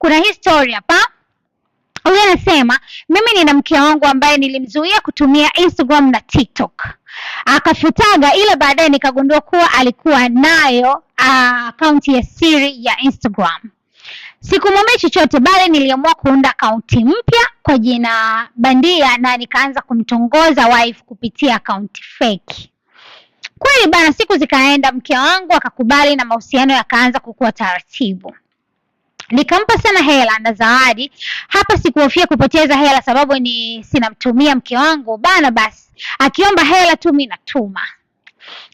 kuna hii story hapa huyu anasema mimi nina mke wangu ambaye nilimzuia kutumia Instagram na TikTok akafutaga, ila baadaye nikagundua kuwa alikuwa nayo akaunti ya siri ya Instagram. Sikumwambia chochote, bali niliamua kuunda akaunti mpya kwa jina bandia na nikaanza kumtongoza wife kupitia akaunti fake. Kweli bana, siku zikaenda, mke wangu akakubali na mahusiano yakaanza kukua taratibu. Nikampa sana hela na zawadi. Hapa sikuhofia kupoteza hela, sababu ni sinamtumia mke wangu bana. Basi akiomba hela tu mi natuma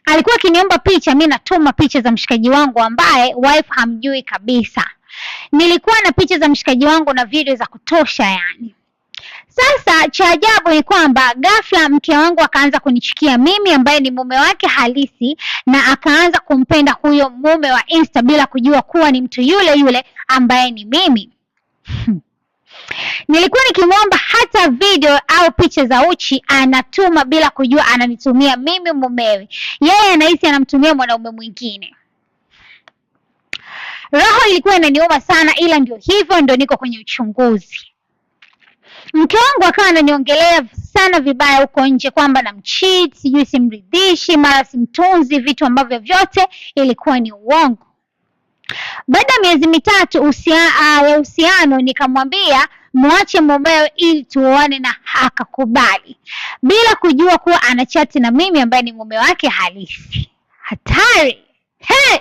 alikuwa akiniomba picha, mi natuma picha za mshikaji wangu ambaye wife hamjui kabisa. Nilikuwa na picha za mshikaji wangu na video za kutosha, yani sasa cha ajabu ni kwamba ghafla mke wangu akaanza kunichukia mimi ambaye ni mume wake halisi, na akaanza kumpenda huyo mume wa Insta bila kujua kuwa ni mtu yule yule ambaye ni mimi. Hmm. Nilikuwa nikimwomba hata video au picha za uchi anatuma bila kujua ananitumia mimi mumewe. Yeye anahisi anamtumia mwanaume mwingine. Roho ilikuwa inaniuma sana, ila ndio hivyo, ndio niko kwenye uchunguzi. Mke wangu akawa ananiongelea sana vibaya huko nje kwamba na mcheat, sijui simridhishi, mara simtunzi, vitu ambavyo vyote ilikuwa ni uongo. Baada ya miezi mitatu ah, ya uhusiano, nikamwambia mwache mumeo ili tuone na akakubali bila kujua kuwa anachati na mimi ambaye ni mume wake halisi. Hatari! Hey!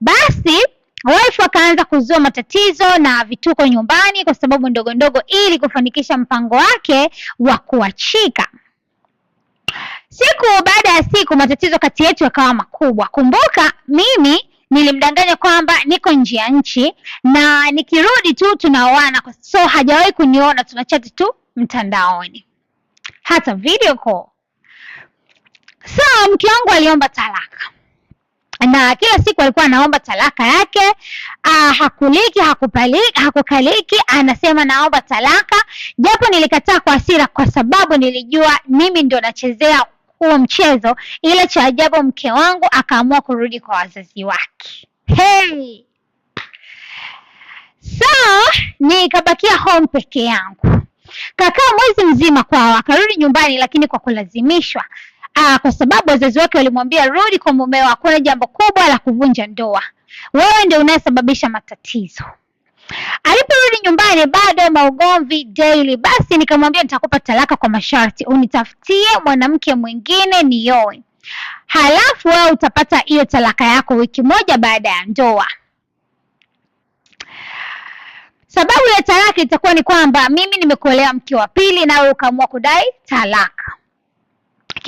Basi Wife akaanza kuzua matatizo na vituko nyumbani kwa sababu ndogo ndogo ili kufanikisha mpango wake wa kuachika. Siku baada ya siku matatizo kati yetu yakawa makubwa. Kumbuka mimi nilimdanganya kwamba niko nje ya nchi na nikirudi tu tunaoana, so hajawahi kuniona, tunachati tu mtandaoni, hata video call. So mke wangu aliomba talaka na kila siku alikuwa anaomba talaka yake. Ah, hakuliki hakupaliki, hakukaliki, anasema naomba talaka, japo nilikataa kwa asira kwa sababu nilijua mimi ndio nachezea huo mchezo, ila cha ajabu mke wangu akaamua kurudi kwa wazazi wake. Hey! So nikabakia home peke yangu, kakaa mwezi mzima kwao, akarudi nyumbani, lakini kwa kulazimishwa aa, ah, kwa sababu wazazi wake walimwambia rudi kwa mume wako, kuna jambo kubwa la kuvunja ndoa, wewe ndio unayesababisha matatizo. Aliporudi nyumbani bado maugomvi daily. Basi nikamwambia nitakupa talaka kwa masharti, unitafutie mwanamke mwingine nioe, halafu wewe utapata hiyo talaka yako wiki moja baada ya ndoa. Sababu ya talaka itakuwa ni kwamba mimi nimekuolea mke wa pili, nawe ukaamua kudai talaka.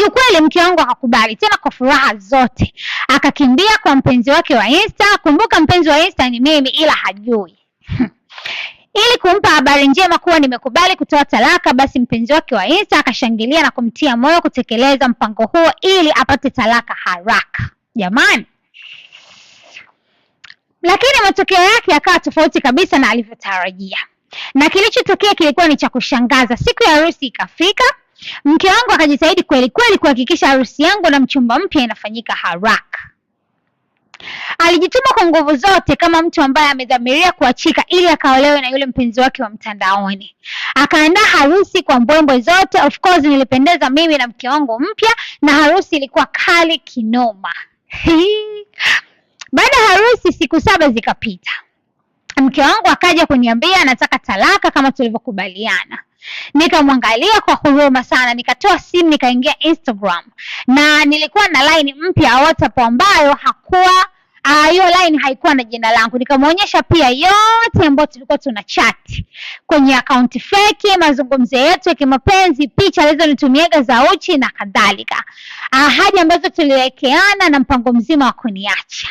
Kiukweli mke wangu akakubali tena, kwa furaha zote akakimbia kwa mpenzi wake wa Insta. Kumbuka mpenzi wa Insta ni mimi, ila hajui ili kumpa habari njema kuwa nimekubali kutoa talaka, basi mpenzi wake wa Insta akashangilia na kumtia moyo kutekeleza mpango huo ili apate talaka haraka. Jamani, lakini matokeo yake yakawa tofauti kabisa na alivyotarajia, na kilichotokea kilikuwa ni cha kushangaza. Siku ya harusi ikafika, Mke wangu akajitahidi kweli kweli kuhakikisha harusi yangu na mchumba mpya inafanyika haraka. Alijituma kwa nguvu zote kama mtu ambaye amedhamiria kuachika ili akaolewe na yule mpenzi wake wa mtandaoni. Akaandaa harusi kwa mbwembwe zote. Of course nilipendeza mimi na mke wangu mpya, na harusi ilikuwa kali kinoma. Baada ya harusi, siku saba zikapita. Mke wangu akaja kuniambia anataka talaka kama tulivyokubaliana. Nikamwangalia kwa huruma sana, nikatoa simu nikaingia Instagram na nilikuwa na line mpya WhatsApp ambayo hakuwa ah, hiyo uh, line haikuwa na jina langu. Nikamwonyesha pia yote ambayo tulikuwa tuna chat kwenye akaunti feki, mazungumzo yetu ya kimapenzi, picha alizonitumiaga za uchi na kadhalika, ah, ahadi ambazo tuliwekeana na mpango mzima wa kuniacha.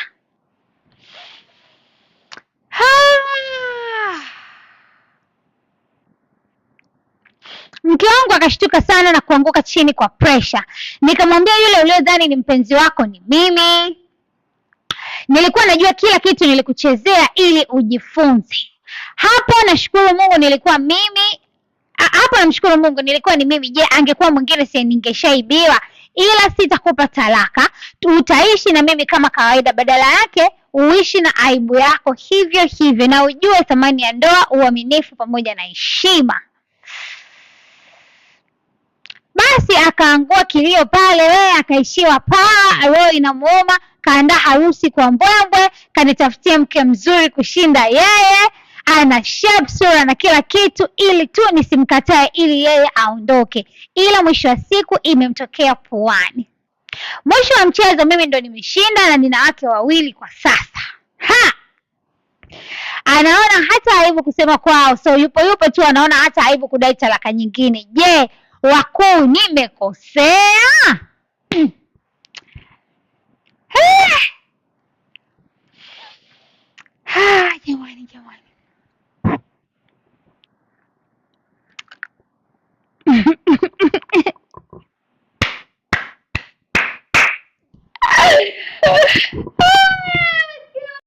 Mke wangu akashtuka sana na kuanguka chini kwa presha. Nikamwambia yule uliyodhani ni mpenzi wako ni mimi. Nilikuwa najua kila kitu, nilikuchezea ili ujifunze. Hapo nashukuru Mungu nilikuwa mimi. Hapo namshukuru Mungu nilikuwa ni mimi. Je, angekuwa mwingine si ningeshaibiwa? Ila sitakupa talaka, utaishi na mimi kama kawaida, badala yake uishi na aibu yako hivyo hivyo, na ujue thamani ya ndoa, uaminifu pamoja na heshima. Basi akaangua kilio pale, we akaishiwa paa. Roho inamuuma, kaanda harusi kwa mbwembwe, kanitafutia mke mzuri kushinda yeye, ana shape, sura na kila kitu, ili tu nisimkatae, ili yeye aondoke. Ila mwisho wa siku imemtokea puani. Mwisho wa mchezo mimi ndo nimeshinda na nina wake wawili kwa sasa. Ha! Anaona hata aibu kusema kwao, so yupo yupo tu, anaona hata aibu kudai talaka nyingine. Je, Wakuu, nimekosea? Mm. Jamani, jamani.